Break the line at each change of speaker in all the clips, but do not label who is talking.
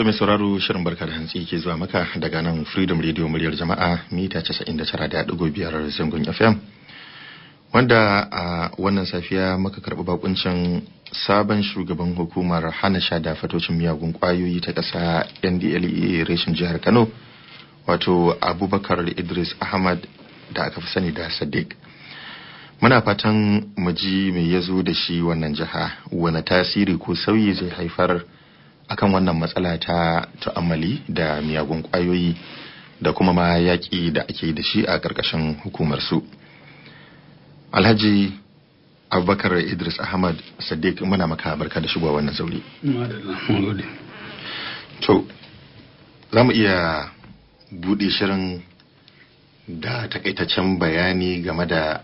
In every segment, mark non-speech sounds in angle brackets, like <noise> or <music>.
To mai sauraro shirin barka da hantsi ke zuwa maka daga nan Freedom Radio muryar jama'a mita 99.5 zangon FM. Wanda a wannan safiya muka karɓi bakuncin sabon shugaban hukumar hana sha da fatocin miyagun kwayoyi ta ƙasa NDLEA reshin jihar Kano wato Abubakar Idris Ahmad da aka fi sani da Sadiq. Muna fatan mu ji me ya zo da shi wannan jiha, wani tasiri ko sauyi zai haifar akan wannan matsala ta ta'amali da miyagun kwayoyi da kuma ma yaƙi da ake da shi a ƙarƙashin hukumar su alhaji abubakar idris ahmad sadiq muna maka barka da shigowa wannan sauri to za mu iya buɗe shirin da takaitaccen bayani game da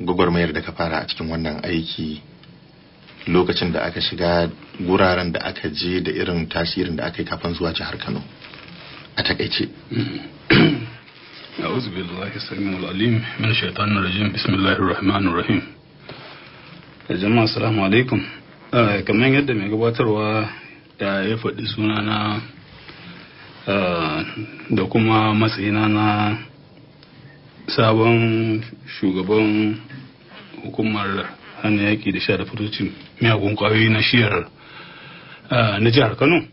gwagwarmayar da ka fara a cikin wannan aiki lokacin da aka shiga guraren da aka je da irin tasirin da aka yi kafin zuwa jihar Kano a takaice
أعوذ بالله السميع العليم من الشيطان الرجيم rajim الله الرحمن الرحيم jama'a assalamu alaikum eh, kamar yadda mai gabatarwa ya faɗi sunana eh, da kuma matsayina na sabon shugaban hukumar hana yaƙi da sha da fitocin miyagun ƙwayoyi na shiyar na jihar kano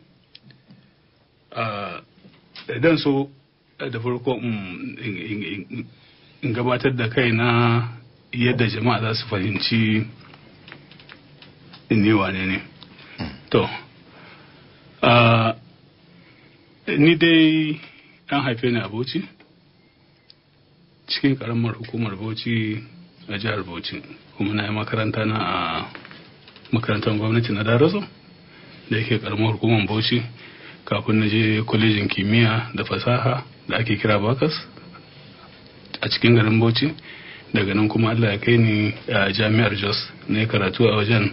idan so da farko mm, in gabatar da kaina yadda jama'a za su fahimci ni wane ne to ni dai an haife ni a bauchi cikin karamar hukumar bauchi Na jihar Bauchi kuma na yi makaranta na a makarantar gwamnati na Daraso da yake karamar hukumar Bauchi kafin na je kwalejin kimiyya da fasaha da ake kira Bakas a cikin garin Bauchi daga nan kuma Allah ya kai ni a jami'ar Jos na yi karatu a wajen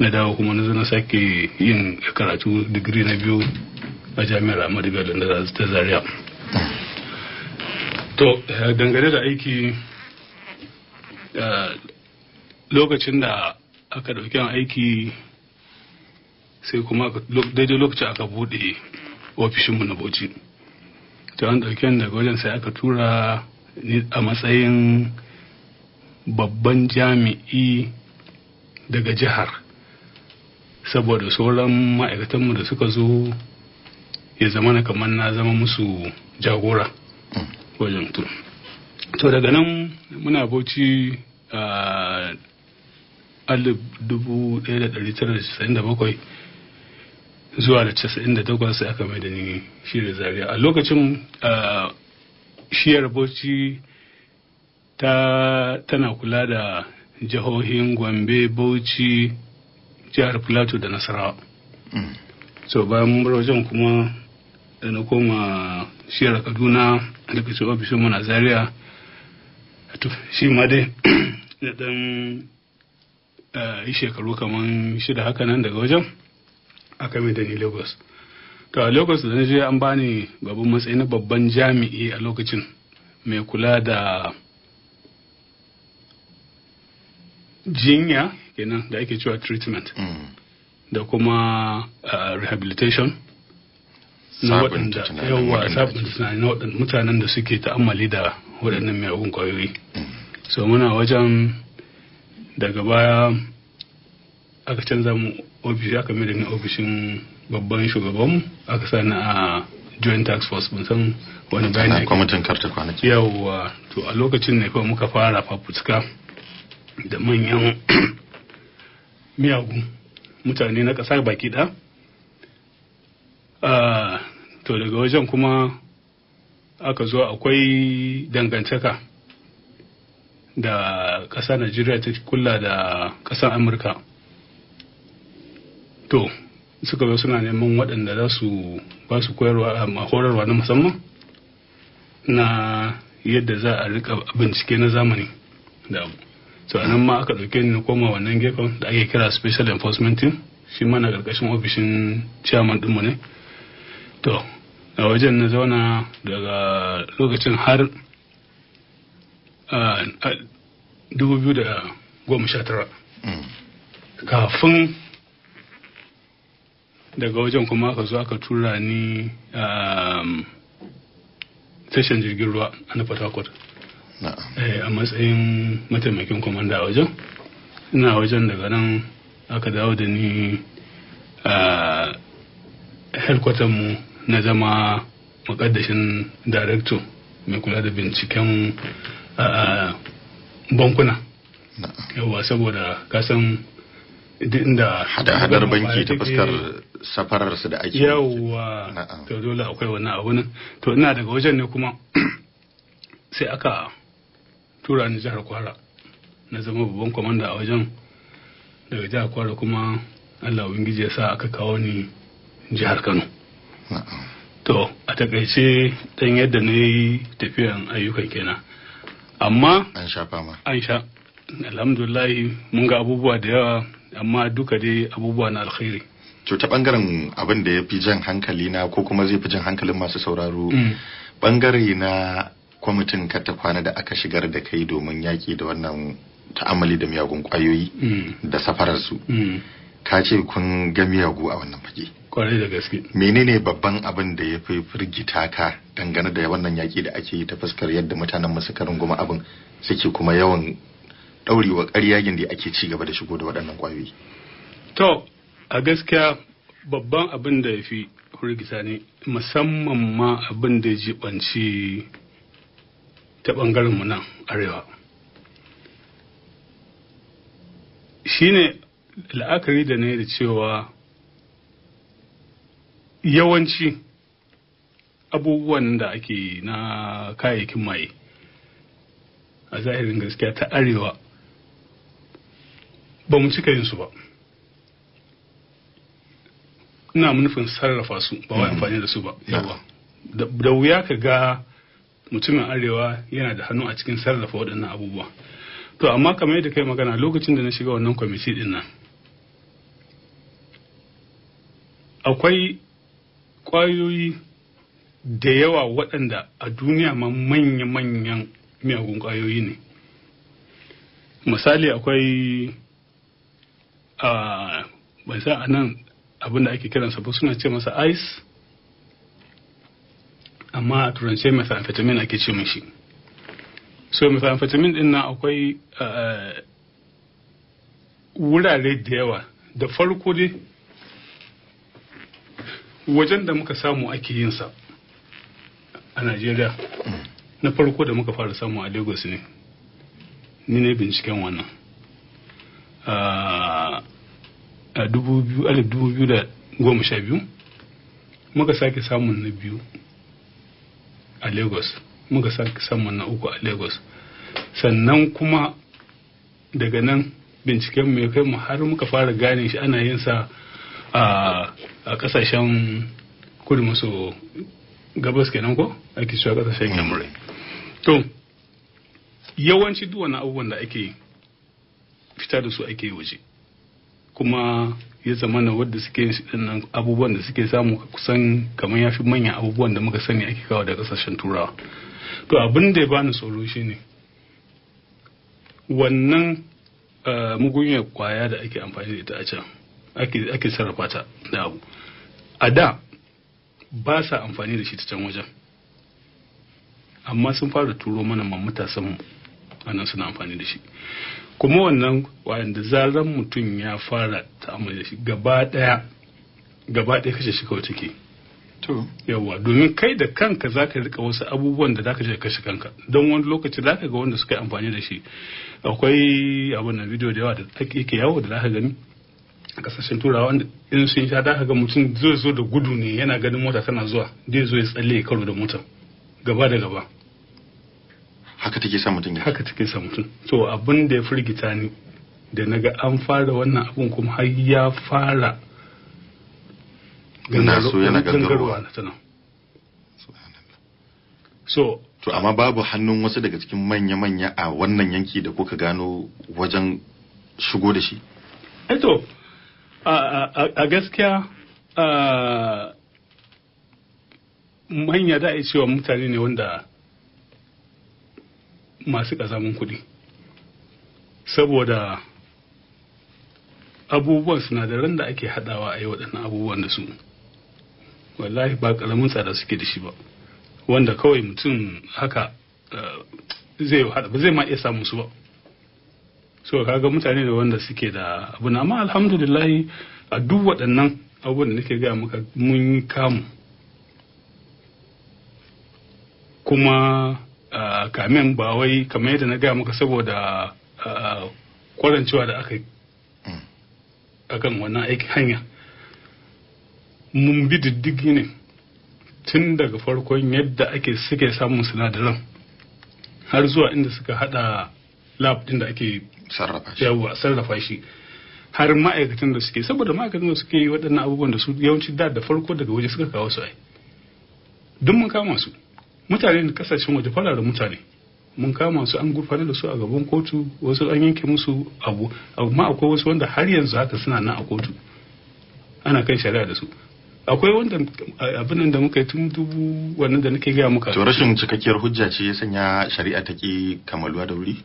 na dawo kuma na zana sake yin karatu digiri na biyu a jami'ar Ahmadu Bello ta Zaria. To, dangane da aiki Eh, lokacin da aka ɗauki aiki sai kuma daidai lokacin aka buɗe ofishinmu na bauchi ta an ɗauki daga wajen sai aka tura ni a matsayin babban jami'i daga jihar saboda sauran ma'aikatanmu da suka zo ya zama na kamar na zama musu jagora mm. wajen tura. to daga nan muna bauchi a 1997 zuwa da 98 sai aka mai da ni shirya zaria a lokacin shiyar bauchi ta tana kula da jihohin gombe bauchi jihar plateau da nasarawa mm. so bayan mun wajen kuma da na koma shiyar kaduna da ofishin muna zaria to shi ma dai <clears throat> da dan eh, yi shekaru kaman shida haka nan daga wajen aka yi da ni lagos to a lagos da na je an bani babban matsayi na babban jami'i a lokacin mai kula da jinya kenan da ake cewa treatment mm. da kuma eh, rehabilitation
na waɗanda na
waɗanda mutanen da suke ta'ammali da waɗannan miyagun ƙwayoyi so muna wajen daga baya aka canza mu ofishi aka mai da ni ofishin babban shugabanmu aka sa ni a joint tax force mun san wani bayani ne kwamitin
karta kwanaki
yawwa to a lokacin ne kawai muka fara fafutuka da manyan <clears throat> miyagu mutane na ƙasar baki ɗaya ah, to daga wajen kuma aka zo akwai dangantaka da ƙasa najeriya ta kula da ƙasar amurka to suka zo suna neman waɗanda za su ba su koyarwa a um, horarwa na musamman na yadda za a rika bincike na zamani da abu nan ma aka ɗauke ni koma wannan gefen da ake kira special enforcement team shi mana ƙarƙashin ofishin chairman ɗinmu ne to a wajen na zauna daga lokacin har dubu biyu da goma sha tara mm. kafin daga wajen kuma aka zo aka tura ni tashan jirgin ruwa a na Port eh, a matsayin mataimakin kwamanda a wajen ina wajen daga nan aka dawo da ni a mu na zama makaddashin director mai kula da binciken bankuna yawa saboda kasan inda hada-hadar banki ta fuskar
safararsu da ake
yawa to dole akwai wani abu nan to ina daga wajen ne kuma <clears throat> sai aka tura ni jihar kwara na zama babban kwamanda a wajen daga jihar kwara kuma allah ubangiji ya sa aka kawo ni jihar kano to a takaice dan yadda na yi tafiyan ayyukan kenan
amma an sha fama
an sha alhamdulillahi mun ga abubuwa da yawa amma duka dai abubuwa na alkhairi
to ta bangaren abin da ya fi jan hankali na ko kuma zai fi jan hankalin masu sauraro bangare mm. na kwamitin ta kwana da aka shigar da kai domin yaki da wannan ta'amali da miyagun kwayoyi mm. da safararsu mm. ka ce kun ga miyagu a wannan fage kwarai da gaske menene babban abin da ya fi firgita ka dangane da wannan yaƙi da ake yi ta fuskar yadda mutanen masu karin goma abin suke kuma yawan ɗaurewa ƙaryagen da ake ci gaba da shigo da waɗannan kwayoyi
to a gaskiya babban abin da ya fi firgita ne musamman ma abin da ya jibanci ta ɓangaren mu nan arewa shine la'akari da ne da cewa yawanci abubuwan da ake na kayayyakin maye a zahirin gaskiya ta arewa ba mu cika yin su ba ina nufin sarrafa su ba wa amfani da su ba mm. yawa da wuya ka ga mutumin arewa yana da hannu a cikin sarrafa waɗannan abubuwa to amma kamar yadda kai magana lokacin da na shiga wannan kwamiti din akwai ƙwayoyi da yawa waɗanda a duniya ma manya-manyan miyagun ƙwayoyi ne misali akwai a ah, ban san a nan abinda ake kiransa ba suna ce masa ice amma a turance methamphetamine ake ce mashi so methamphetamine din nan akwai ah, wurare da yawa da farko dai wajen da muka samu ake yin sa a najeriya na farko da muka fara samu a lagos ne ni ne binciken wannan a 2012 muka sake samun na biyu a lagos muka sake samun na uku a lagos sannan kuma daga nan binciken mai kai mu har muka fara gane shi ana yin sa a a kasashen kudu maso gabas kenan ko ake cewa kasashen yamurai to yawanci duk wani abubuwan da ake fita da su ake waje kuma ya zamana wadda suke nan abubuwan da suke samu kusan kamar ya fi manyan abubuwan da muka sani ake kawo da kasashen turawa to abin da ya bani tsoro ne. wannan eh, mugunyar kwaya da ake amfani da ita a can ake sarrafa ta da abu a da ba sa amfani da shi ta can wajen amma sun fara turo mana man matasan anan suna amfani da shi kuma wannan wanda zaran mutum ya fara ta'amuli da shi gaba daya gaba daya kashe shi kawai ciki to domin kai da kanka zaka rika wasu abubuwan da zaka je kashe kanka don wani lokaci zaka ga wanda suka yi amfani da shi akwai abin na bidiyo da yawa da yake yawo da zaka gani kasashen turawa wanda in sun sha da ga mutum zai zo da gudu ne yana ganin mota tana zuwa zai zo ya tsalle ya karo da mota gaba da gaba haka take sa mutum haka take sa mutum to abin da ya firgita ni da naga an fara wannan abun kuma har ya fara gangarwa na gangarwa.
so to amma babu hannun wasu daga cikin manya-manya a wannan yanki da kuka gano wajen shigo da shi
eto eh a gaskiya manya da a cewa mutane ne wanda masu ƙazamin kuɗi saboda abubuwan sinadaran da ake haɗawa a yi waɗannan abubuwan da su wallahi ba ƙaramin tsada suke da shi ba wanda kawai mutum haka eh, zai ba zai ma iya samun su ba so kaga mutane da wanda suke da abu na amma alhamdulillah a duk waɗannan abubuwan da nake gaya maka mun kamu kuma kamen ba wai kamar yadda na gaya maka saboda kwarancewa da aka yi mm. akan wannan aikin hanya mun bi diddigi ne tun daga farkon yadda ake suke samun sinadaran har zuwa inda suka hada lab din da ake sarrafa shi yawa sarrafa shi har ma'aikatan da suke saboda ma'aikatan da suke waɗannan abubuwan da su yawanci da da farko daga waje suka kawo su ai duk mun kama su mutane da kasashen waje fara da mutane mun kama su an gurfanar da su a gaban kotu wasu an yanke musu abu amma akwai wasu wanda har yanzu haka suna nan a kotu ana kan shari'a da su akwai wanda abin da muka yi tun dubu wannan da nake gaya muka to rashin cikakkiyar
hujja ce ya sanya shari'a ta ke kamaluwa da wuri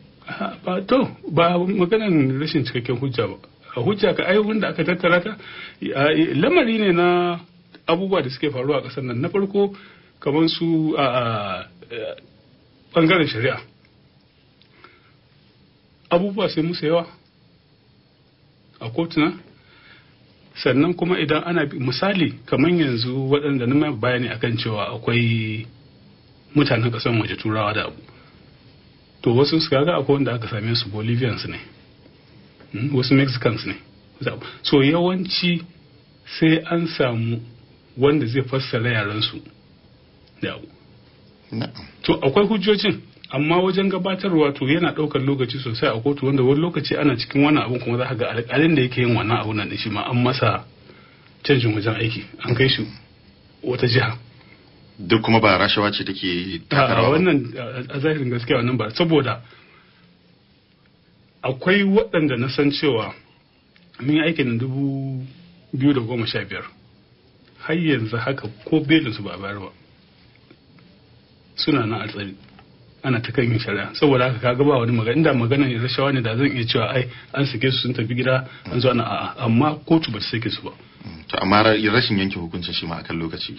ba to ba maganan rashin cikakken hujja ba a hujja ka ai wanda aka tattara ta lamari ne na abubuwa da suke faruwa a ƙasar nan na farko kamar su a bangaren shari'a abubuwa sai musu yawa a kotuna sannan kuma idan ana misali kamar yanzu waɗanda na bayani akan cewa akwai mutanen ƙasar waje turawa da abu to wasu su kaga akwai wanda aka same su bolivians ne hmm? wasu mexicans ne so yawanci sai an samu wanda zai fassara yarensu to akwai hujjojin amma wajen gabatarwa to yana ɗaukar lokaci sosai a kotu wanda wani lokaci ana cikin wani abun kuma za ka ga alƙalin da yake yin wannan abun nan shi ma an masa canjin wajen aiki an kai shi
wata jiha duk kuma ba rashawa ce take takarawa wannan
a zahirin gaskiya wannan ba saboda akwai waɗanda na san cewa mun yi aikin dubu biyu da goma sha biyar har yanzu haka ko su ba bayar ba suna nan a tsari ana ta kan yin shari'a saboda haka ka ba wani magana inda magana ne rashawa ne da zan iya cewa ai an sake su sun tafi gida an zo ana a'a amma kotu ba ta sake su ba
to amma rashin yanke hukuncin shi ma akan lokaci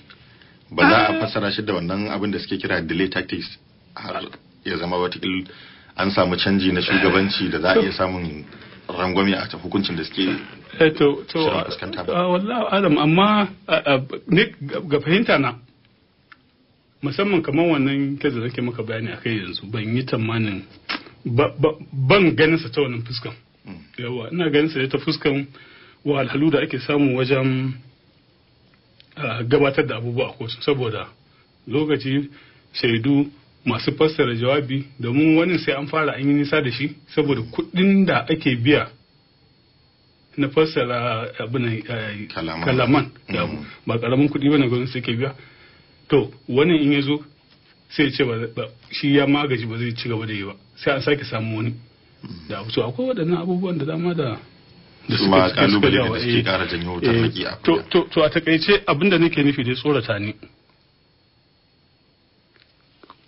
ba za a ah. fassara shi da wannan abin da suke kira delay tactics har ya zama watakil an samu canji na shugabanci da za a iya samun rangwame a hukuncin da suke eh, to to ah,
wallahi adam amma ah, ne ga fahimta na musamman kamar wannan kaza da kake maka bayani akai yanzu ban yi tamanin ban ganin sa ta wannan fuskan mm. yawa ina ganin sa ta fuskan wahalhalu da ake samu wajen gabatar da abubuwa a kotu saboda lokaci shaidu masu fassara jawabi domin wani sai an fara an yi nisa da shi saboda kuɗin da ake biya na fassara abin eh, kalaman mm. ba karamin kuɗi bane gwamnati suke biya to wannan in ya zo sai ce ba shi ya magaji ba zai ci gaba da yi ba sai an sake samu wani mm. da abubuwa so akwai waɗannan abubuwan da dama da
su ma kalubale da suke eh. kara janyo wutar eh, haƙi a
to a takaice abinda nake nufi dai tsorata ni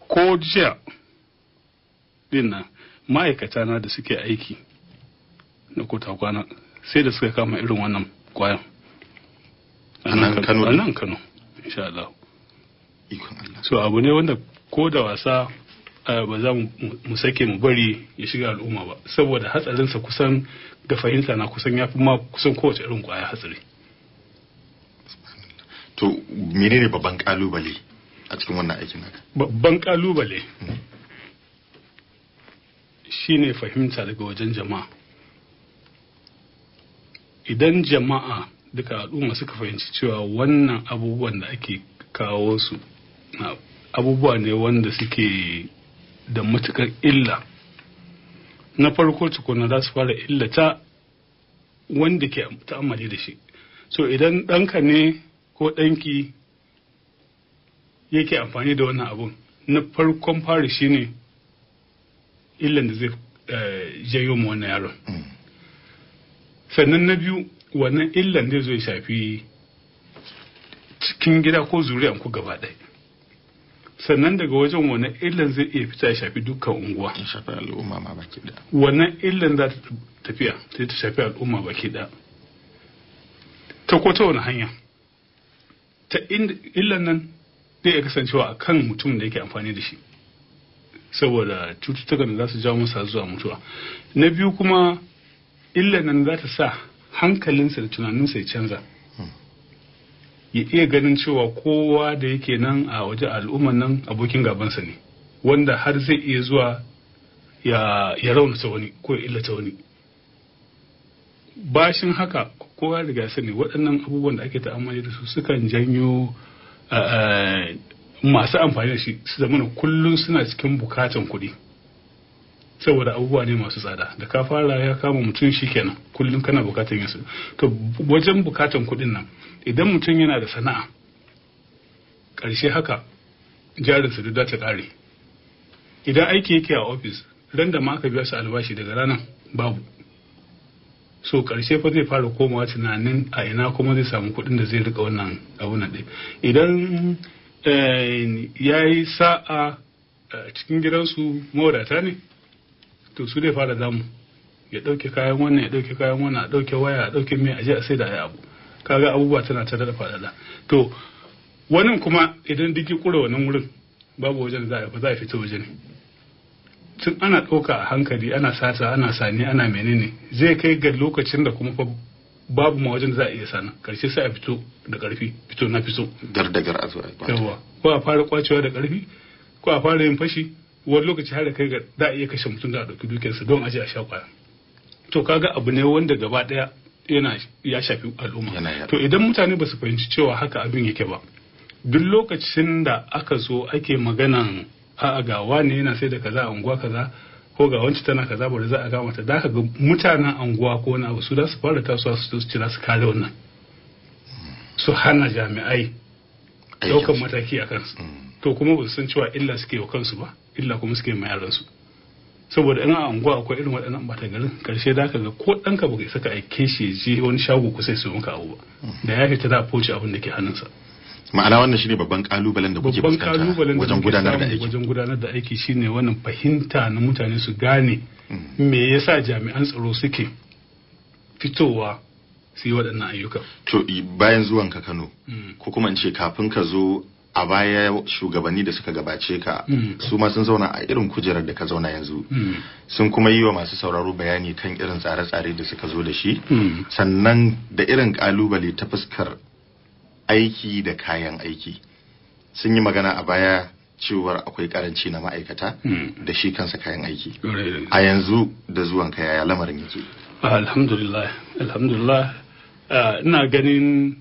ko jiya dinnan ma'aikata na da suke aiki na kota kwana sai da suka kama irin wannan kwayan a nan kano insha Allah so abu ne wanda ko da wasa eh, ba za mu sake mu bari ya shiga al'umma ba saboda hatsarinsa kusan da fahimta na kusan ya fi ma kusan kowace irin kwaya
hatsari to menene babban kalubale a cikin wannan aikin haka
babban kalubale hmm. shine fahimta daga wajen jama'a idan jama'a duka al'umma suka fahimci cewa wannan abubuwan da ake kawo su abubuwa ne wanda suke da matukar illa na farko tukuna za su fara illata wanda ke ta'ammali da shi so idan ɗanka ne ko ɗanki yake amfani da wannan abun na farkon fari shine illan da zai eh, jayo ma wannan yaron mm. sannan na biyu wannan illan zai shafi cikin gida ko zuriyan ku gaba ɗaya sannan daga wajen wannan illan zai iya fita ya shafi dukkan unguwa ya shafi al'umma ma baki da wannan illan za ta tafiya sai ta shafi al'umma baki da ta ko ta wani hanya ta illan nan zai iya kasancewa a kan mutum da yake amfani da shi saboda cututtukan da za su jawo masa zuwa mutuwa na biyu kuma illan nan za ta sa hankalinsa da tunaninsa ya canza ya iya ganin cewa kowa da yake nan a waje al'umman nan abokin gabansa ne wanda har zai iya zuwa ya raunata wani ko ya illata wani bashin haka kowa riga sani waɗannan abubuwan da ake ta'amali da su sukan janyo eh, eh, masu amfani da shi su zamana kullum suna cikin bukatan kuɗi saboda abubuwa ne masu tsada da ka fara ya kama mutum shi kenan kullum kana bukatan yin to wajen bukatan kuɗin nan idan mutum yana da sana'a ƙarshe haka jarinsa duk ta kare. idan aiki yake a ofis ran da ma aka biya su albashi daga ranar babu so karshe fa zai fara komawa tunanin a ina kuma zai samu kuɗin da zai rika wannan na ɗin idan eh, ya yi sa'a eh, cikin gidansu mawadata ne to su dai fara zamu ya dauke kayan wannan ya dauke kayan wannan a dauke waya a dauke mai aje a sai da ya abu kaga abubuwa tana tare da fadada to wannan kuma idan digi kura wannan wurin babu wajen za a ba za a fita wajen. tun ana ɗauka a hankali ana sata ana sani ana menene zai kai ga lokacin da kuma babu ma wajen za a iya sana karshe sai a fito da karfi fito na fito gar
da gar a yawa
ko a fara kwacewa da karfi ko a fara yin fashi wani lokaci har da kai ga da iya kashe mutum da a ɗauki dukiyarsa don aje a sha kwaya to kaga abu ne wanda gaba ɗaya yana ya shafi al'umma to idan mutane ba su fahimci cewa haka abin yake ba duk lokacin da aka zo ake maganan a'a ga wani yana sai da kaza a unguwa kaza ko ga wancan tana kaza bari za a ga mata da ga mutanen anguwa ko na abu su da su fara tasowa su su cira su kare wannan su hana jami'ai daukan mataki a kansu mm. to kuma ba su san cewa illa suke wa kansu ba illa kuma suke ma yaransu saboda in a unguwa akwai irin waɗannan ɓata garin karshe da aka ga ko ɗanka ba saka aike shi je wani shago kusa su maka abu ba da ya fita za a foci abin da ke hannunsa ma'ana wannan
shine babban kalubalen da kuke fuskanta wajen gudanar da aiki
wajen gudanar da aiki shine wannan fahimta na mutane su gane mm. me yasa jami'an tsaro suke fitowa
su yi waɗannan ayyuka to bayan zuwan ka Kano mm. ko kuma in ce kafin ka zo a baya shugabanni da suka gabace ka mm. su ma sun zauna a irin kujerar da ka zauna yanzu mm. sun kuma yi wa masu sauraro bayani kan irin tsare-tsare da suka zo da shi mm. sannan da irin kalubale ta fuskar aiki da kayan aiki sun yi magana a baya cewar akwai karanci na ma'aikata da shi kansa kayan aiki a yanzu da zuwan ka yaya lamarin yake
alhamdulillah alhamdulillah ah, ina ganin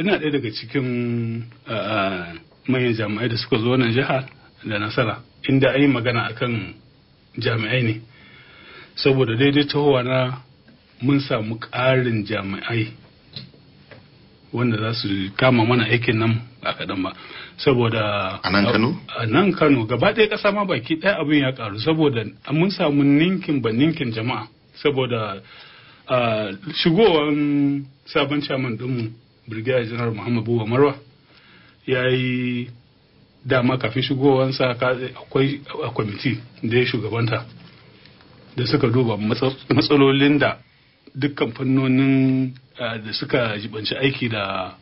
ina ɗaya daga cikin ah, manyan jami'ai da suka zo wannan jihar da nasara inda an yi magana kan jami'ai ne saboda daidai tahowa na mun samu ƙarin jami'ai wanda za su kama mana aikin nan a kaɗan ba saboda a nan kano a nan gaba ɗaya ƙasa ma baki ɗaya abin ya ƙaru saboda mun samu ninkin ba ninkin jama'a saboda ah, shigowar sabon chairman ɗinmu brigadier general Muhammadu buwa marwa ya yi dama kafin shigowansa akwai a kwamiti da ya shugabanta da suka duba matsalolin da dukkan fannonin da suka jibanci aiki da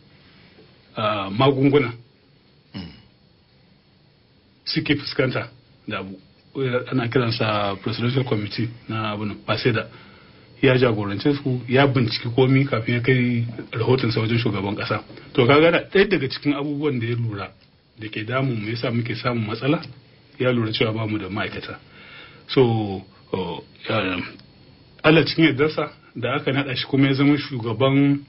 magunguna suke fuskanta da abu ana kiransa presidential committee na abu da ya jagorance su ya binciki komi kafin ya kai rahoton sa wajen shugaban kasa to kaga da ɗaya daga cikin abubuwan da ya lura da ke damun mu yasa muke samun matsala ya lura cewa ba mu da ma'aikata so Allah cikin sa da aka naɗa shi kuma ya zama shugaban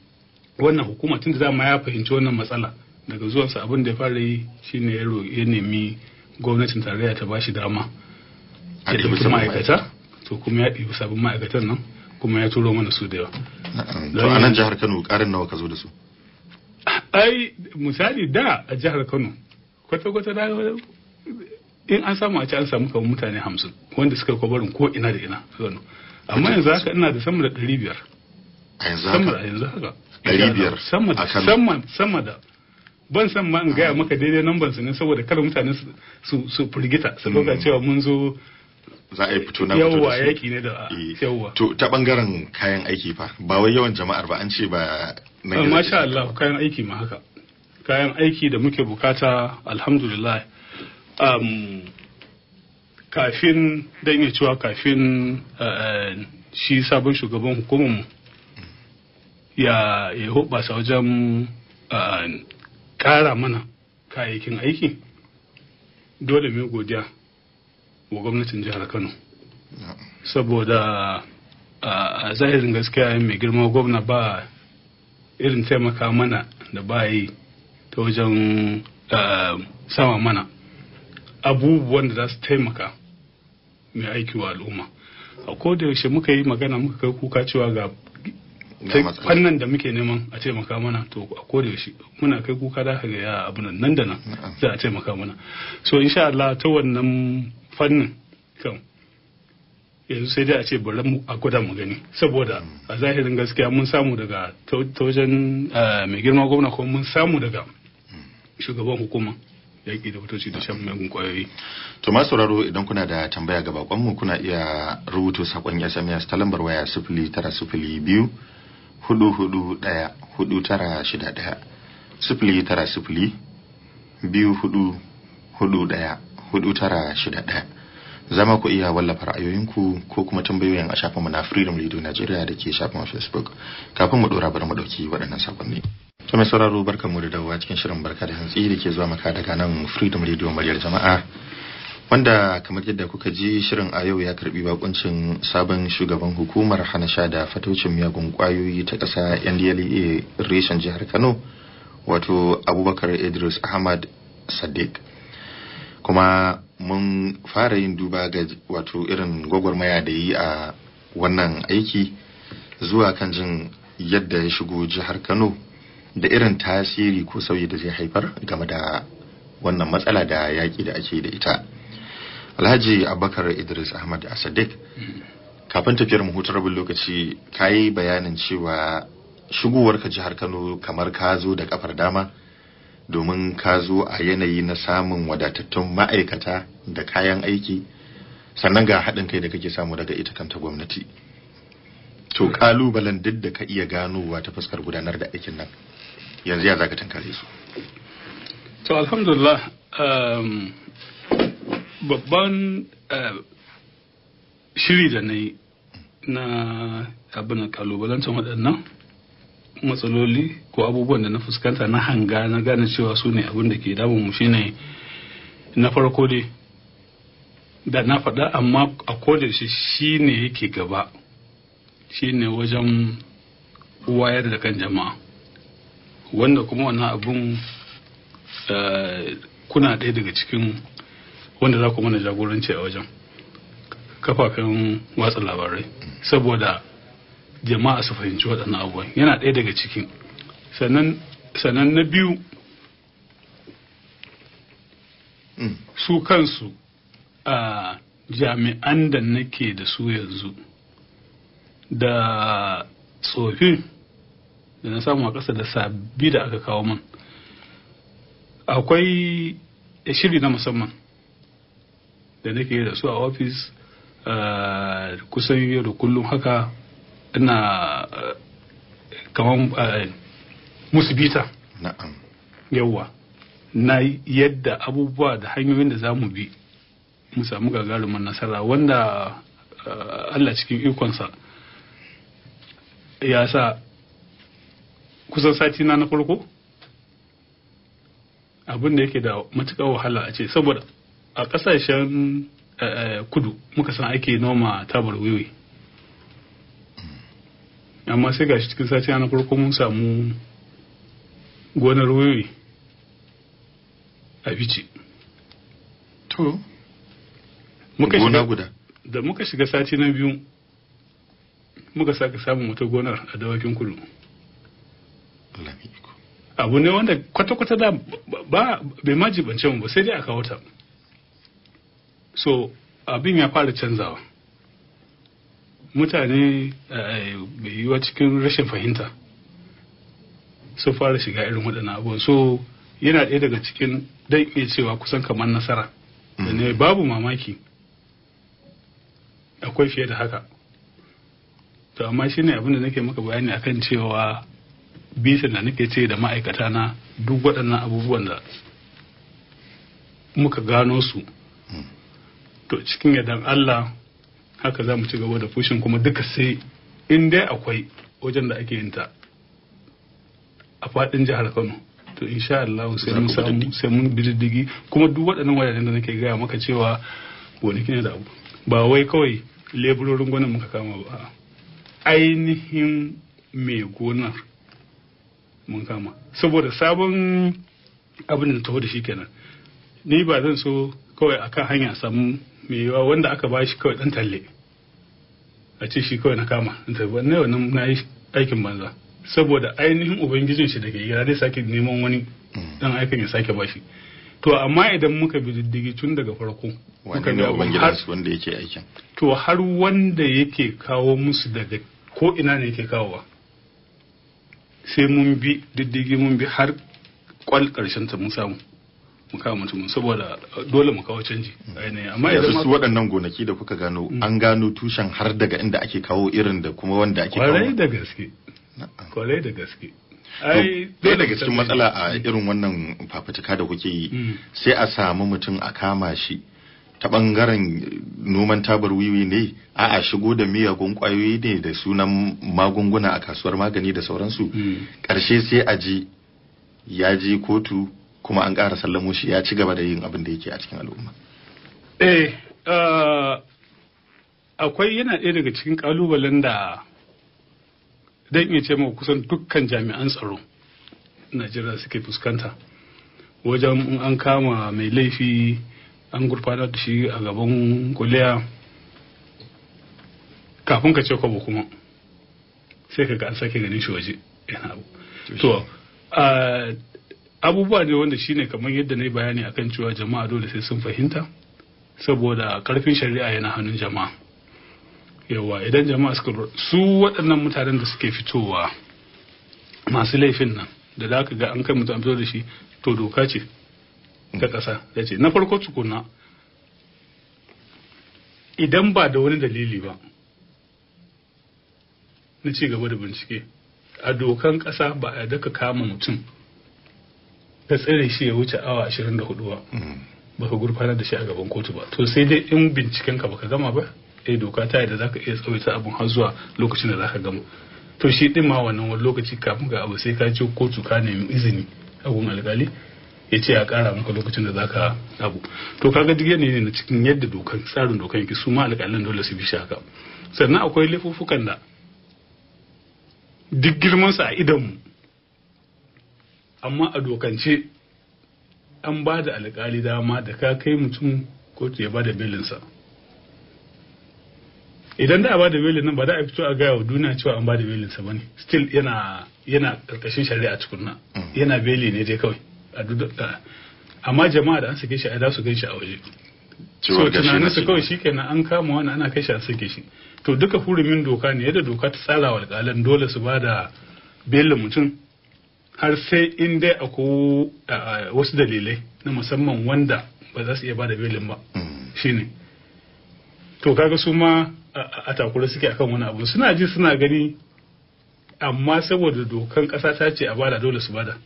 wannan hukuma tun da dama ya fahimci wannan matsala daga sa abin da ya fara yi shine ya nemi gwamnatin tarayya ta bashi dama
ya ɗauki ma'aikata
to kuma ya ɗibi sabon ma'aikatan nan kuma ya turo mana su da yawa
to a nan jihar Kano karin nawa ka zo da su
ai misali da a jihar Kano kwata kwata da in an samu a ci an samu kamar mutane hamsin wanda suka kwabarin ko ina da ina zanu. amma yanzu haka ina da sama da ɗari biyar sama da yanzu haka ɗari biyar sama sama sama da ban san ma in gaya ah. maka daidai namban su ne saboda kar mutane su firgita su lokacin hmm. cewa mun zo
za a yi fito na fito da su ne da eh, yawwa to ta bangaren kayan aiki fa ba wai yawan jama'ar ba an ce ba na ah,
masha Allah kayan aiki ma haka kayan aiki da muke bukata alhamdulillah um, kafin dan ya cewa kafin eh, shi sabon shugaban hukumar mu ya ya wajen kara eh, mana kayayyakin aiki dole mu godiya wa gwamnatin jihar kano saboda a zahirin gaskiya mai girma gwamna ba irin taimaka mana da ba yi ta wajen sama mana abubuwan da za su taimaka mai aiki wa al'umma a koda yaushe muka yi magana muka kai kuka cewa ga fannin da muke neman a taimaka mana to a yaushe muna kai kuka da haka ya abu nan da nan za a taimaka mana so insha Allah ta wannan fannin kan yanzu sai dai a ce bari a gwada mu gani saboda a zahirin gaskiya mun samu daga ta eh, mai girma gwamna kuma mun samu daga
shugaban hukuma yaƙi da fitoci da shan mai kwayoyi. To ma sauraro idan kuna da tambaya ga bakonmu kuna iya rubuto sakon SMS ta lambar waya sufuli tara sufuli biyu hudu hudu ɗaya hudu tara shida daya sufuli tara sufuli biyu hudu hudu ɗaya hudu tara shida ɗaya zama ku iya wallafa ra'ayoyinku ko kuma tambayoyin a shafinmu na freedom radio Nigeria da ke shafin facebook kafin mu dora bari mu dauki waɗannan sakonni to mai sauraro barka mu da dawowa cikin shirin barka da hantsi da ke zuwa maka daga nan freedom radio muryar jama'a wanda kamar yadda kuka ji shirin a yau ya karbi bakuncin sabon shugaban hukumar hana sha da fatocin miyagun kwayoyi ta ƙasa ndla e reshen jihar kano wato abubakar idris ahmad sadiq kuma mun fara yin duba ga wato irin gwagwarmaya da yi a wannan aiki zuwa kan jin yadda ya shigo jihar kano da irin tasiri ko sauyi da zai haifar game da wannan matsala da yaƙi da ake da ita alhaji abubakar idris ahmad asadik kafin tafiyar mu hutar rabin lokaci ka yi bayanin cewa shigowar ka jihar kano kamar ka zo da kafar dama domin ka zo a yanayi na samun wadatattun ma'aikata da kayan aiki sannan ga haɗin kai da kake samu daga ita kanta gwamnati to kalubalen duk da ka iya ganowa ta fuskar gudanar da aikin nan yanzu ya za ka tankare su to alhamdulillah um, babban uh,
shiri da na yi na abin kalubalen waɗannan matsaloli ko abubuwan da na fuskanta na hanga na gane cewa su ne abin da ke damun mu shine na farko dai da na faɗa amma a koda shi shi ne yake gaba shine ne wajen wayar da kan jama'a wanda kuma wannan abun eh, kuna ɗaya daga cikin wanda za ku mana jagoranci a wajen kafafen watsa labarai saboda jama'a su fahimci waɗannan abubuwan yana ɗaya daga cikin sannan na biyu mm. su kansu a jami'an da nake da su yanzu da tsofin da na samu a ƙasa da sabi da aka kawo man akwai shiri na musamman da nake da su a ofis kusan yau da kullum haka ina kaman eh, musu bita yawwa na yadda abubuwa da hanyoyin da za mu bi mu samu gagarumin nasara wanda eh, Allah cikin ikonsa ya sa kusan sati na na farko abin da yake da matuƙar wahala a ce saboda a ƙasashen eh, kudu muka san ake noma tabar wiwi amma sai shi cikin sati na farko mun samu gonar wuri a fice to muka shiga guda da muka shiga sati na biyu muka saka samun wata gonar a dawakin kudu abu ne wanda kwata-kwata da ba bai majibance mu ba sai dai aka wata so abin ya fara canzawa mutane mai eh, yiwa cikin rashin fahimta sun fara shiga irin waɗannan abubuwan so yana ɗaya daga cikin dan iya cewa kusan kamar nasara da ne mm. babu mamaki akwai fiye da haka to amma shine ne da nake maka bayani akan cewa bisa da nake ce da ma'aikata na duk waɗannan abubuwan da muka gano su mm. to cikin yadda Allah haka za mu ci gaba da fushin kuma duka sai in dai akwai wajen da ake yin ta a fadin jihar kano to insha Allah sai mun samu sai mun bididdigi kuma duk waɗannan wayar da nake gaya maka cewa gonaki ne da abu ba wai kawai leburorin gonan muka kama ba ainihin mai gonar mun kama saboda sabon abin da taho da shi kenan ni ba zan so kawai akan hanya samu mai yiwa wanda aka ba shi kawai dan talle a ce shi kawai na kama na wannan na yi aikin banza saboda ainihin ubangijin shi daga gida zai sake neman wani dan hmm. aikin ya sake bashi to amma idan muka bi diddigi tun daga farko
muka bi ubangijin wanda yake aikin
to har wanda yake kawo musu daga ko ina ne yake kawowa sai mun bi diddigi mun bi har kwal karshen ta mun samu
mu kawo mutumin saboda uh,
dole mu kawo canji amma idan su waɗannan
gonaki da kuka gano mm. an gano tushen har daga inda ake kawo irin da kuma wanda ake kawo kwarai da
gaske kwarai da gaske
ai dole daga cikin matsala a irin wannan fafutuka da kuke yi mm. sai a samu mutum a kama shi ta bangaren noman tabar wiwi ne a shigo da miyagun kwayoyi ne da sunan magunguna a kasuwar magani da sauransu Karshe mm. sai a ji ya je kotu kuma an ƙara sallamo shi ya ci gaba da yin abin da yake a cikin al'umma
eh uh, akwai yana ɗaya daga cikin ƙalubalen da dan iya ce ma kusan dukkan jami'an tsaro najeriya suke fuskanta wajen an kama mai laifi an gurfanar da shi a gaban kuliya kafin ka ce kwabo kuma sai ka ga an sake ganin shi waje to uh, abubuwa ne wanda shine kamar yadda na yi bayani akan cewa jama'a dole sai sun fahimta saboda karfin shari'a yana hannun jama'a yawa idan jama'a suka su waɗannan mutanen da suke fitowa masu laifin nan da za ka ga an kai mutum fito da shi to doka ce ta ƙasa ya ce na farko tukuna idan ba da wani dalili ba na ci gaba da bincike a dokan ƙasa ba a daka kama mutum ka tsare shi ya wuce awa ashirin 24 hmm. ba ka gurfana da shi a gaban kotu ba to sai dai in binciken ka baka gama ba eh doka ta za ka iya tsawaita abun har zuwa lokacin da zaka gama to shi din ma wannan wani lokaci kafin ga abu sai ka je kotu ka nemi izini a gun alkali ya ce a kara maka lokacin da zaka abu to kaga duk yanayi ne na cikin yadda dokan tsarin dokan yake su ma alkalin dole su bi shi haka sannan akwai laifuffukan da duk girmansa a idanmu amma a dokance an ba da alkali dama da ka kai mutum kotu ya ba da belinsa idan da a ba da belin nan ba da a fito a gaya wa duniya cewa an ba da belinsa ba ne still yana yana karkashin shari'a tukunna mm. yana beli ne dai kawai a amma jama'a da an sake shi a da su gan shi a waje so tunanin su kawai shikenan an kama wani ana kai shi an sake shi to duka hurumin doka ne yadda doka ta tsara wa alƙalan dole su ba da belin mutum har sai in dai akwai wasu dalilai na musamman wanda ba za su iya bada belin ba hmm. shine to kaga su ma a takura suke akan wani abu suna ji suna gani amma saboda dokan ƙasa ta ce a bada dole su bada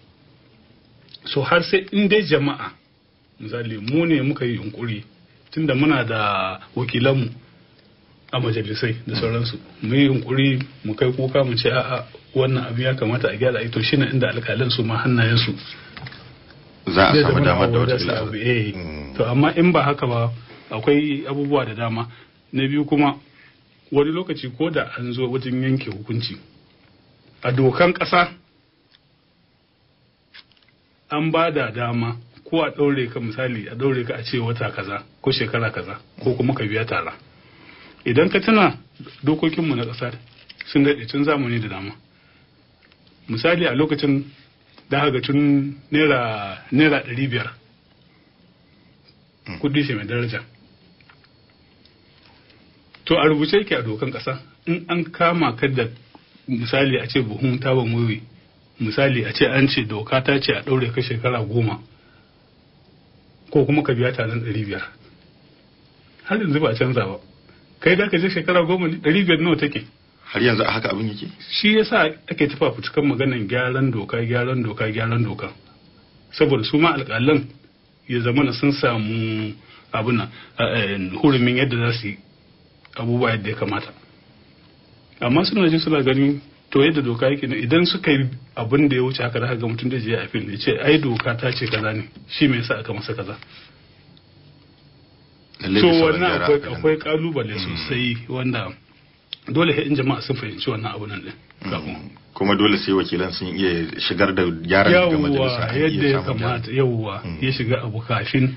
so har sai in dai jama'a misali mu ne muka yi yunkuri tunda muna da wakilanmu a majalisai da sauransu mu yi yunkuri mu kai kuka mu ce a'a wannan abu ya kamata a gyara ito shine inda alkalin su ma hannayensu
za a samu damar da wata
eh. hmm. to amma in ba haka ba akwai abubuwa da dama na biyu kuma wani lokaci ko da an zo wajen yanke hukunci a dokan ƙasa an ba da dama ko a ɗaure ka misali a ɗaure ka a ce wata kaza ko shekara kaza ko kuma ka biya tara idan ka tuna dokokinmu na ƙasar sun daɗe tun zamani da dama misali a lokacin da ga tun naira ɗari biyar hmm. kudi shi mai daraja to a rubuce yake a dokan ƙasa in an kama ka da misali a ce buhun taban wuri misali a ce an ce doka ta ce a ɗaure ka shekara goma ko kuma ka biya ta zan ɗari biyar har yanzu ba canza ba kai da ka je shekara goma ɗari biyar nawa take har yanzu a haka abin yake shi yasa ake tafa fitukan maganan gyaran doka gyaran doka gyaran doka saboda su ma alƙalan ya zamana sun samu abuna hurumin yadda za su yi abubuwa yadda ya kamata amma suna ji suna gani to yadda doka yake na idan suka yi abin da ya wuce haka da ga mutum da je a fil ya ce ai doka ta ce kaza ne shi me yasa aka masa kaza so wannan akwai kalubale mm. sosai wanda dole in jama'a sun fahimci wannan abu nan din mm.
kuma dole sai wakilan sun iya shigar da yaran ga majalisa yadda ya
kamata yawwa mm. ya shiga abu kafin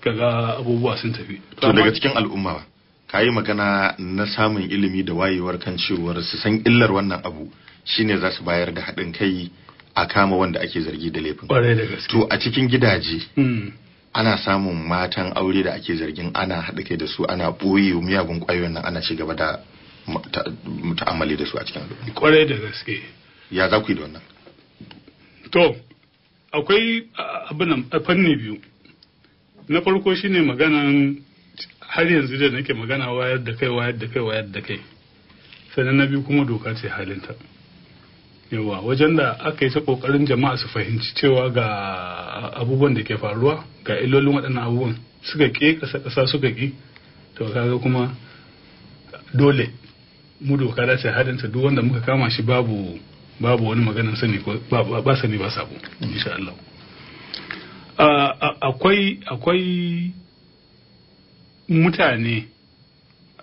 kaga abubuwa sun tafi to daga cikin
al'umma ka yi magana na samun ilimi da wayewar kan cewar su san illar wannan abu shine za su bayar da haɗin kai a kama wanda ake zargi da laifin to a cikin gidaje ana samun matan aure da ake zargin ana haɗa kai da su ana ɓoye miyagun ƙwayoyin nan ana cigaba da ta'amali da su a cikin al'umma.
Kwarai da gaske.
Ya za ku yi da wannan?
To, akwai abin fanni biyu. Na farko shine maganan har yanzu da nake magana wayar da kai wayar da kai wayar da kai. Sannan na biyu kuma doka ce halinta. yawa wajen da aka yi ta kokarin jama'a su fahimci cewa ga abubuwan da ke faruwa ga illolin waɗannan abubuwan suka ke ƙasa ƙasa suka ƙi to kaga kuma dole mu doka da ta hadinta duk wanda muka kama shi babu babu wani maganar sani ko ba sani ba sabo insha Allah akwai akwai mutane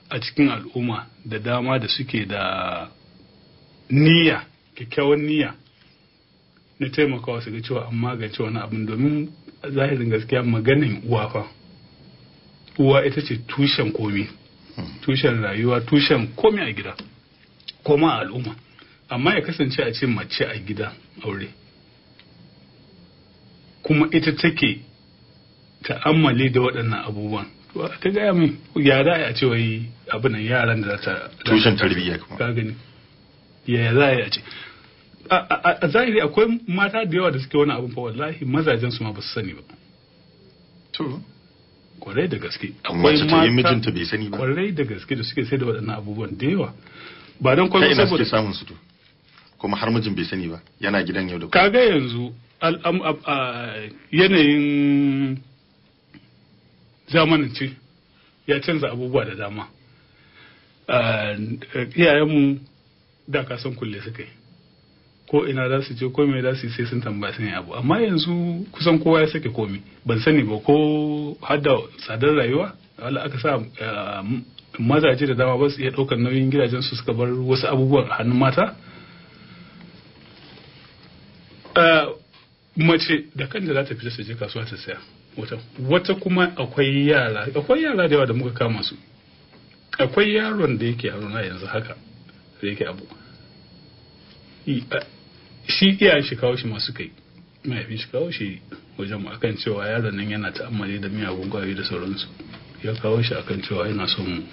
a cikin al'umma da dama da suke da niyya kyakkyawan niyya na taimakawa su ga cewa an magance wani abin domin zahirin gaskiya maganin uwa fa uwa ita ce tushen komi tushen rayuwa tushen komi a gida koma a al'umma amma ya kasance a ce mace a gida aure kuma ita take ta'ammali da waɗannan abubuwan ta gaya min ya a ce wai abinan yaran da za ta tushen tarbiyya kuma yaya za a yi a ce a zahiri akwai mata da yawa da suke wani abin fa wallahi mazajen su ma ba su sani ba to kwarai da gaske akwai mata mijinta bai sani ba kwarai da gaske da suke sai da waɗannan abubuwan da yawa ba don kwarai saboda suke
samun su to kuma har mijin bai sani ba yana gidan yau da
kaga yanzu al'am yanayin zamanance ya canza abubuwa da dama iyayenmu da san kulle suka yi ko ina za su je ko me za su sai sun tambaya sun abu amma yanzu kusan kowa ya sake komi ban sani ba ko har da tsadar rayuwa wala aka sa eh, mazaje da dama ba su iya ɗaukar nauyin gidajen su suka bar wasu abubuwan a hannun mata eh, mace da kanta za ta fita su je kasuwa ta saya wata wata kuma akwai yara akwai yara da yawa da muka kama su akwai yaron da yake a yanzu haka da yake abu shi iyayen shi kawo shi masu kai mahaifin shi kawo shi wajen mu akan cewa yaron nan yana ta'ammali da miyagun kwayoyi da sauransu ya kawo shi akan cewa yana son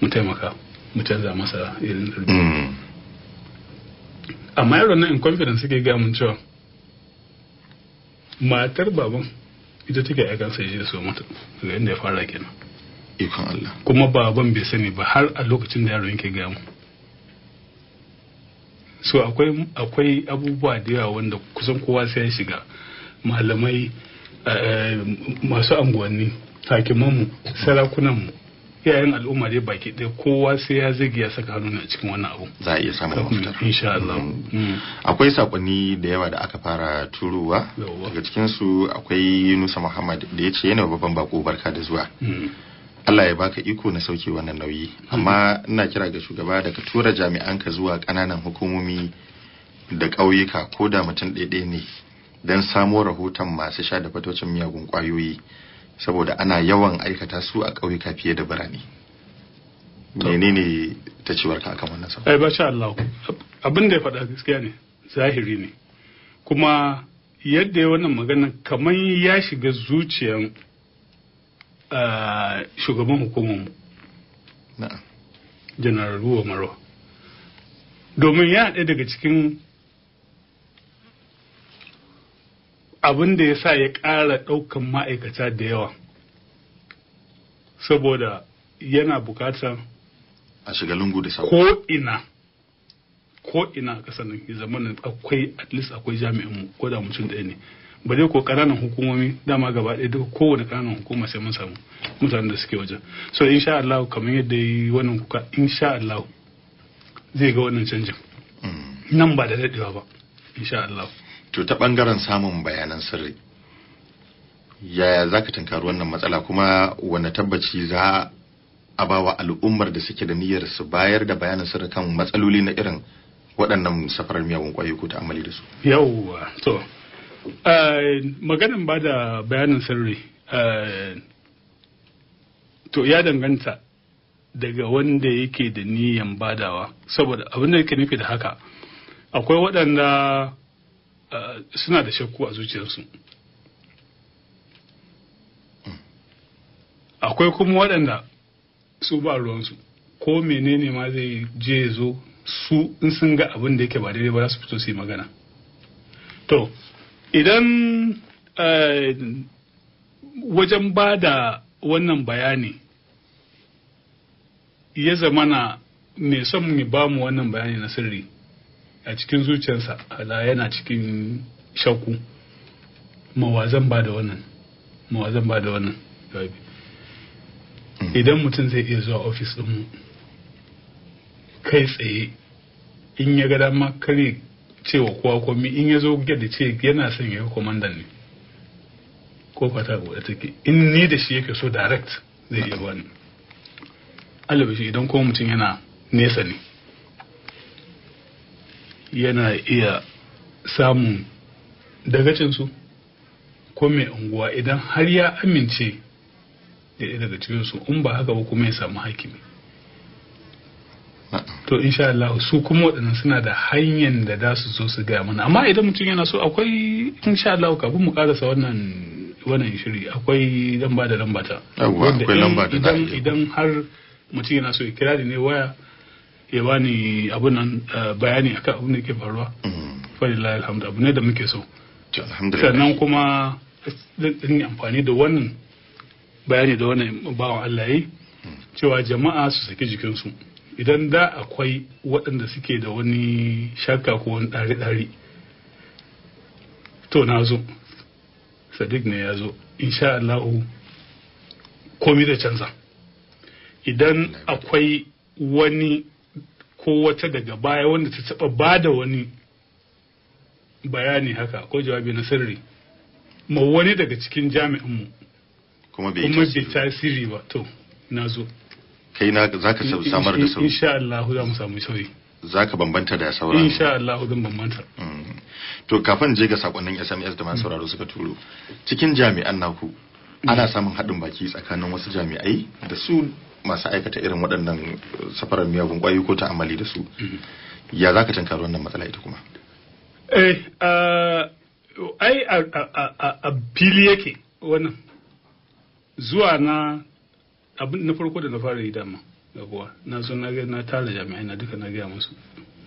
mu taimaka mu canza masa irin tarbiyya mm. amma yaron nan in confidence suke ga mun cewa matar baban ita take aikan sai shi so mata daga inda ya fara kenan ikon Allah kuma baban bai sani ba har a lokacin da yaron yake ga mu so akwai akwai abubuwa da yawa wanda kusan kowa sai ya shiga malamai eh, masu anguwanni hakimanmu sarakunanmu yayin al'umma dai baki ɗaya kowa sai ya zage ya saka hannu a cikin wannan abu za a iya samun mafita insha Allah
mm. Mm. akwai sakonni da yawa da aka fara turowa daga cikin su akwai Yunusa Muhammad da ya ce yana babban bako barka da zuwa mm. Allah ya baka iko na sauke wannan nauyi amma ina kira ga shugaba da ka tura jami'anka zuwa kananan hukumomi da ƙauyuka ko da mutum ɗaiɗe ne don samo rahoton masu sha da fatocin miyagun ƙwayoyi saboda ana yawan aikata su a ƙauyuka fiye da birane menene ta ciwar ka akan wannan sabon
ba eh, sha Allah abin da ya faɗa gaskiya ne zahiri ne kuma yadda ya wannan magana kamar ya shiga zuciyan shugaban hukumarmu Janaral ruwa maro domin ya ɗaya daga cikin abin da ya sa ya ƙara ɗaukan ma'aikata da yawa saboda yana bukatar
a shiga lungu da
ko ina a ƙasar zamanin akwai at least akwai jami'in mu ko da mutum ɗaya ne ba dai ko ƙananan hukumomi dama gaba ɗaya duka kowane ƙananan hukuma sai mun samu mutanen da suke wajen so insha Allah kamar yadda yi wannan kuka insha Allah zai ga wannan canjin hmm. nan ba da daɗewa ba
insha Allah to ta bangaren samun bayanan sirri yaya za ka tankari wannan matsala kuma wanne tabbaci za a bawa al'ummar da suke da niyyar su bayar da bayanan sirri kan matsaloli na irin waɗannan safarar miyagun kwayoyi ko amali da su
yawwa to Eh, maganin ba da bayanin sirri eh, to ya danganta daga wanda yake da niyan badawa saboda abin da yake nufi da haka akwai waɗanda eh, suna da shakku a zuciyarsu akwai kuma waɗanda su ba ruwansu ko menene ma zai je zo su in sun ga abin da yake ba daidai ba za su fito su yi magana to idan eh, wajen ba da wannan bayani ya zamana mai son mu ba mu wannan bayani na sirri a cikin zuciyarsa ala yana cikin shakku mawazan ba da wannan mawazan ba da wannan mm. idan mutum zai iya zuwa ofis mu kai tsaye in ya ga dama kare cewa kowa komi in ya zo gida ce yana son ya yi kwamandan ne ko fata gobe take in ni da shi yake so direct zai iya bani alabashi idan kowa mutum yana nesa ne yana iya samun dagacinsu ko mai unguwa idan har ya amince da daga cikinsu in ba haka ba kuma ya samu hakimi to insha Allah su kuma waɗannan suna da hanyar da za su zo su gaya mana amma idan mutum yana so akwai insha Allah kafin mu karasa wannan wannan shiri akwai lamba da lamba ta akwai lamba da idan idan har mutum yana so ya kira ne waya ya bani abun nan eh, bayani akan abun da ke faruwa mm. fadilahi alhamdu abu ne da muke so sannan kuma zan yi amfani da wannan bayani da wannan bawan Allah yi mm. cewa jama'a su saki jikinsu idan da akwai waɗanda suke da wani shaka ko wani ɗari-ɗari to na zo sadiq ne ya zo insha Allah komi da canza idan akwai wani ko wata daga baya wanda ta taɓa ba da wani bayani haka ko jawabi na sirri ma wani daga cikin jami'inmu kuma bai tasiri ba to na zo
kai na za ka samar da sauyi
insha Allah za mu samu sauyi
za ka bambanta da sauran
insha Allah zan bambanta mm.
to kafin je ga sakonnin SMS da masu sauraro suka turo cikin jami'an naku ana samun haɗin baki tsakanin wasu jami'ai da su masu aikata irin waɗannan eh, safarar miyagun ƙwayo ko amali da su mm-hmm. ya za ka tankaro wannan matsala ita kuma
eh ai a fili yake wannan zuwa na abin na farko da na fara yi dama yawwa na zo na na tara jami'ai na duka na gaya musu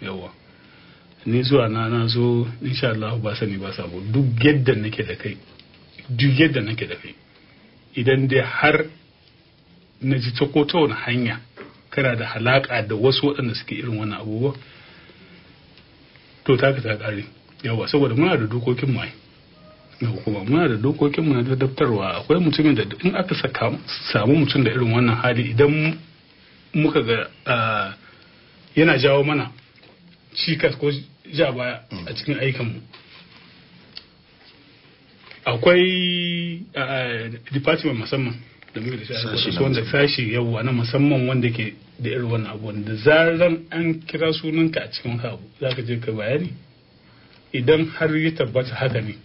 yawwa ni zuwa na na zo insha Allah ba sani ba sabo duk yadda nake da kai duk yadda nake da kai idan dai har na ji ta wani hanya kana da halaka da wasu waɗanda suke irin wannan abubuwa to taka ta ƙare yawwa saboda muna da dokokin mai na hukuma muna da dokokinmu na daftarwa akwai mutumin da in aka samu mutum da irin wannan hali idan muka ga yana jawo mana cikas ko ja baya a cikin aikinmu akwai department musamman da muke da shi wanda sashi yawwa na musamman wanda ke da irin wannan abu da zaran an kira sunanka a cikin abu za ka je ka bayani idan har ya tabbata haka ne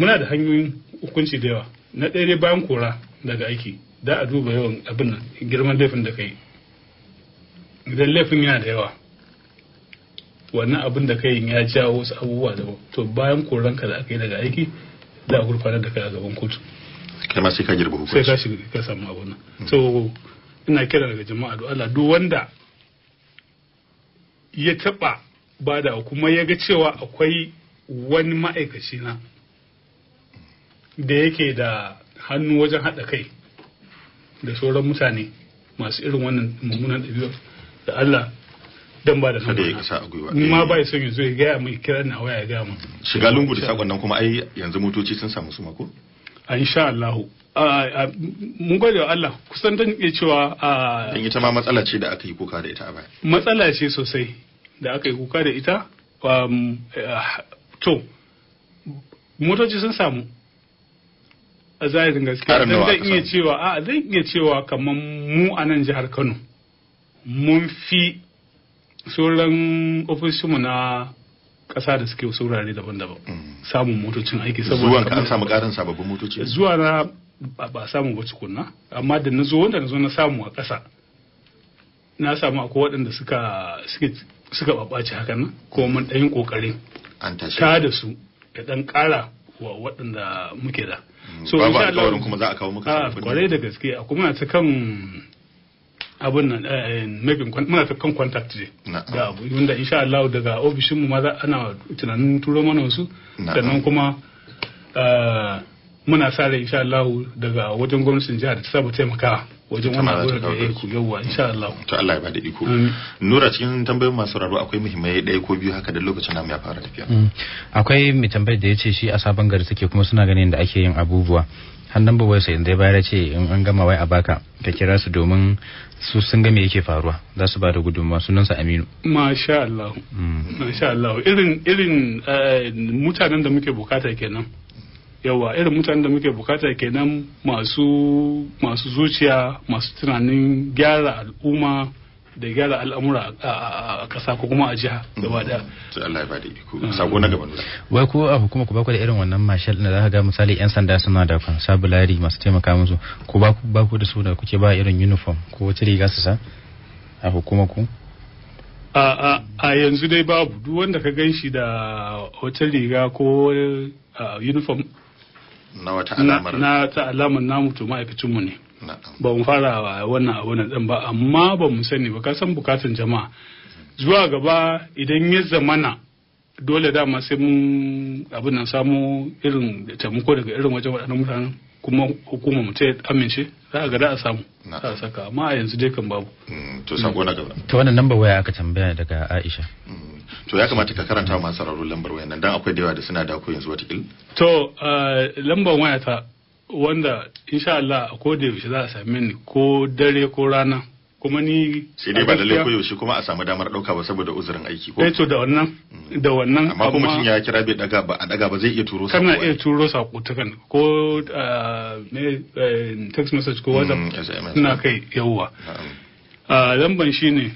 muna da hanyoyin hukunci da yawa na ɗaya ne bayan kora daga aiki da a duba yawan abin nan girman laifin da kai idan laifin yana da yawa wannan abin da kai ya jawo wasu abubuwa daban to bayan koranka da aka yi daga aiki za a gurfanar da kai a gaban kotu
kai sai ka girba hukunci
sai ka shiga ka samu abu
nan so
ina kira daga jama'a da Allah duk wanda ya taba bada kuma ya ga cewa akwai wani ma'aikaci na da yake da hannu wajen haɗa kai da sauran mutane masu irin wannan mummunan ɗabi'a da Allah dan ba da Kada
ya gwiwa ni
ma eh. ba son yanzu ya gaya mai kiran na waya ya gaya mun
shiga lungu da sakon nan kuma ai yanzu motoci sun samu su mako
insha Allah mun gode wa Allah kusan dan iya cewa
dan ita ma matsala ce da aka yi kuka da ita a baya
matsala ce sosai da aka yi kuka da ita um, eh, to motoci sun samu a zahirin gaske dan zai iya cewa a zai iya cewa kamar mu a nan jihar Kano mun fi sauran ofishinmu na ƙasa da suke saurare daban-daban mm. samun motocin aiki saboda zuwa an samu ƙarin
sababbin motoci
zuwa na ba samu ba tukunna amma da na zo wanda na zo na samu a ƙasa na samu akwai waɗanda suka suka babaci hakan nan ko mun ɗayin ƙoƙarin ta da su ka ɗan ƙara wa waɗanda muke da so babu alƙawarin kuma za
a kawo maka a ah, kwarai da
gaske a kuma ta kan abun nan eh, maybe muna ta kan contact ne ga abu wanda sha Allah daga ofishin mu ma za ana tunanin turo mana wasu sannan kuma eh, muna sa in sha Allah daga wajen gwamnatin jihar ta saba taimakawa wajen wani abu da iko
yawa insha Allah to Allah ya bada iko nura cikin tambayoyin masu raro akwai muhimmai ɗaya ko biyu haka da lokacin namu ya fara tafiya mm. akwai mai tambayar da ya ce shi a sabon gari suke kuma suna ganin da ake yin abubuwa hannun ba wai sai in dai bayar ce in an gama wai a baka ka kira su domin su sun ga me yake faruwa za su ba da gudunmawa sunansa Aminu
masha Allah mm. masha Allah irin irin eh, mutanen da muke bukata kenan yawa irin mutanen da muke bukata kenan masu masu zuciya masu tunanin gyara al'umma da gyara al'amura a kasa ko kuma a jiha gaba da mm.
Allah ya bada iko ah. sako na gaban wai ko a hukuma ku ba da irin wannan marshal da zaka ga misali yan sanda suna da kan sabulari masu taimaka musu ko ku baku baku da su da kuke ba irin uniform ko wata riga su sa a hukuma ku
a yanzu dai babu duk wanda ka gan shi da wata riga ko uniform
na wata alamar
na ta alamar namu to ma'aikacin mu ne ba mu fara wannan abu na dan ba amma ba mu sani ba ka san bukatun jama'a zuwa gaba idan ya zamana dole dama sai mun abin nan samu irin taimako daga irin wajen waɗannan mutanen kuma hukumar mu ta amince za a ga da a samu za a saka amma a yanzu dai kan babu mm,
to sako na gaba ta wannan number waya aka tambaya daga Aisha mm. to ya kamata ka karanta wa masu sauraro lambar wayan nan dan akwai da yawa da suna dako yanzu watakil
to eh, lambar waya ta wanda insha Allah a koda yaushe za a same ni ko dare ko rana
kuma ni sai dai ba lalle ko yaushe kuma a samu damar dauka ba saboda uzurin aiki ko eh to da
wannan mm. da wannan amma kuma mutum ya
kira bai daga ba a daga ba zai iya turo sako kana iya
turo sako ta kan ko ne eh, eh, text message ko whatsapp mm, ina kai yawwa lamban shine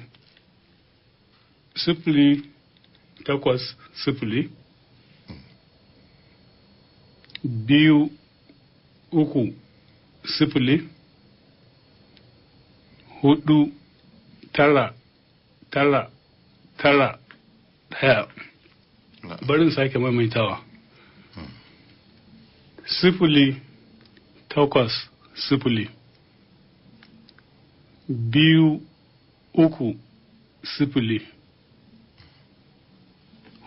sifili takwas sifili biyu uku sifili hudu tara tara tara daya barin sake maimaitawa sifili takwas sifili biyu uku sifili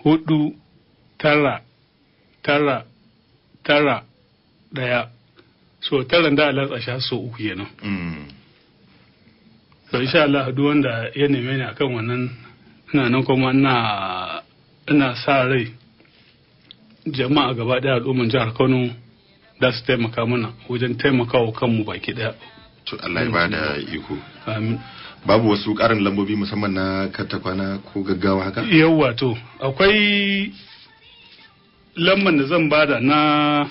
hudu tara tara tara ɗaya so taran da alatsa tsasha so uku kenan mm. so insha Allah duk wanda ya neme ni akan wannan ina nan kuma ina ina sa rai jama'a gaba ɗaya al'umman jihar Kano da su taimaka mana wajen taimakawa kanmu baki ɗaya to Allah ya bada iko amin
babu wasu karin lambobi musamman na katakwana ko gaggawa haka?
yawwa to akwai lamban da zan bada na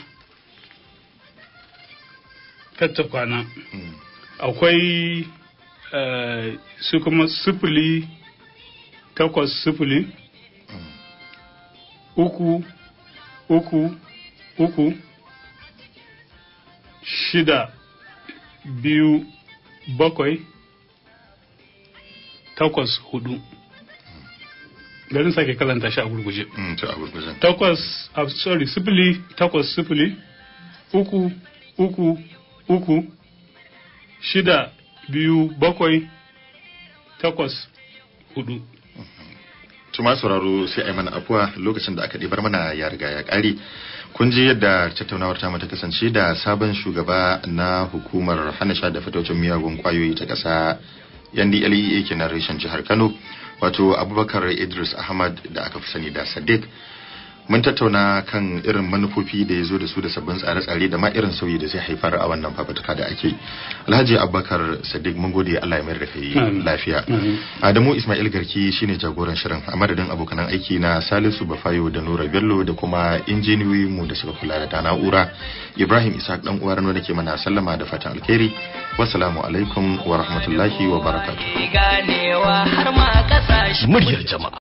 katakwana kwana. Hmm. akwai eh, su kuma sifili takwas sifili hmm. uku uku uku shida biyu bakwai takwas hudu garin sake kalanta shi a gurguje mm, takwas sorry sifili takwas sifili uku uku uku shida biyu bakwai takwas hudu mm-hmm.
tuma sauraro sai a yi mana afuwa lokacin da aka ɗibar mana ya riga ya ƙari kun ji yadda tattaunawar ta ta kasance da sabon shugaba na hukumar hana sha da fitocin miyagun kwayoyi ta ƙasa yan DLEA kenan reshen jihar Kano wato Abubakar Idris Ahmad da aka fi sani da Sadiq mun tattauna kan irin manufofi da ya zo da su da sabbin tsare-tsare da ma irin sauyi da zai haifar a wannan fafutuka da ake alhaji abubakar sadiq mun gode allah ya mayar da lafiya adamu ismail garki shine jagoran shirin a madadin abokanan aiki na salisu bafayo da nura bello da kuma injiniyoyin mu da suka kula da na'ura ibrahim isaac dan uwa rano da ke mana sallama da fatan alheri wassalamu alaikum wa rahmatullahi wa barakatu. muryar jama'a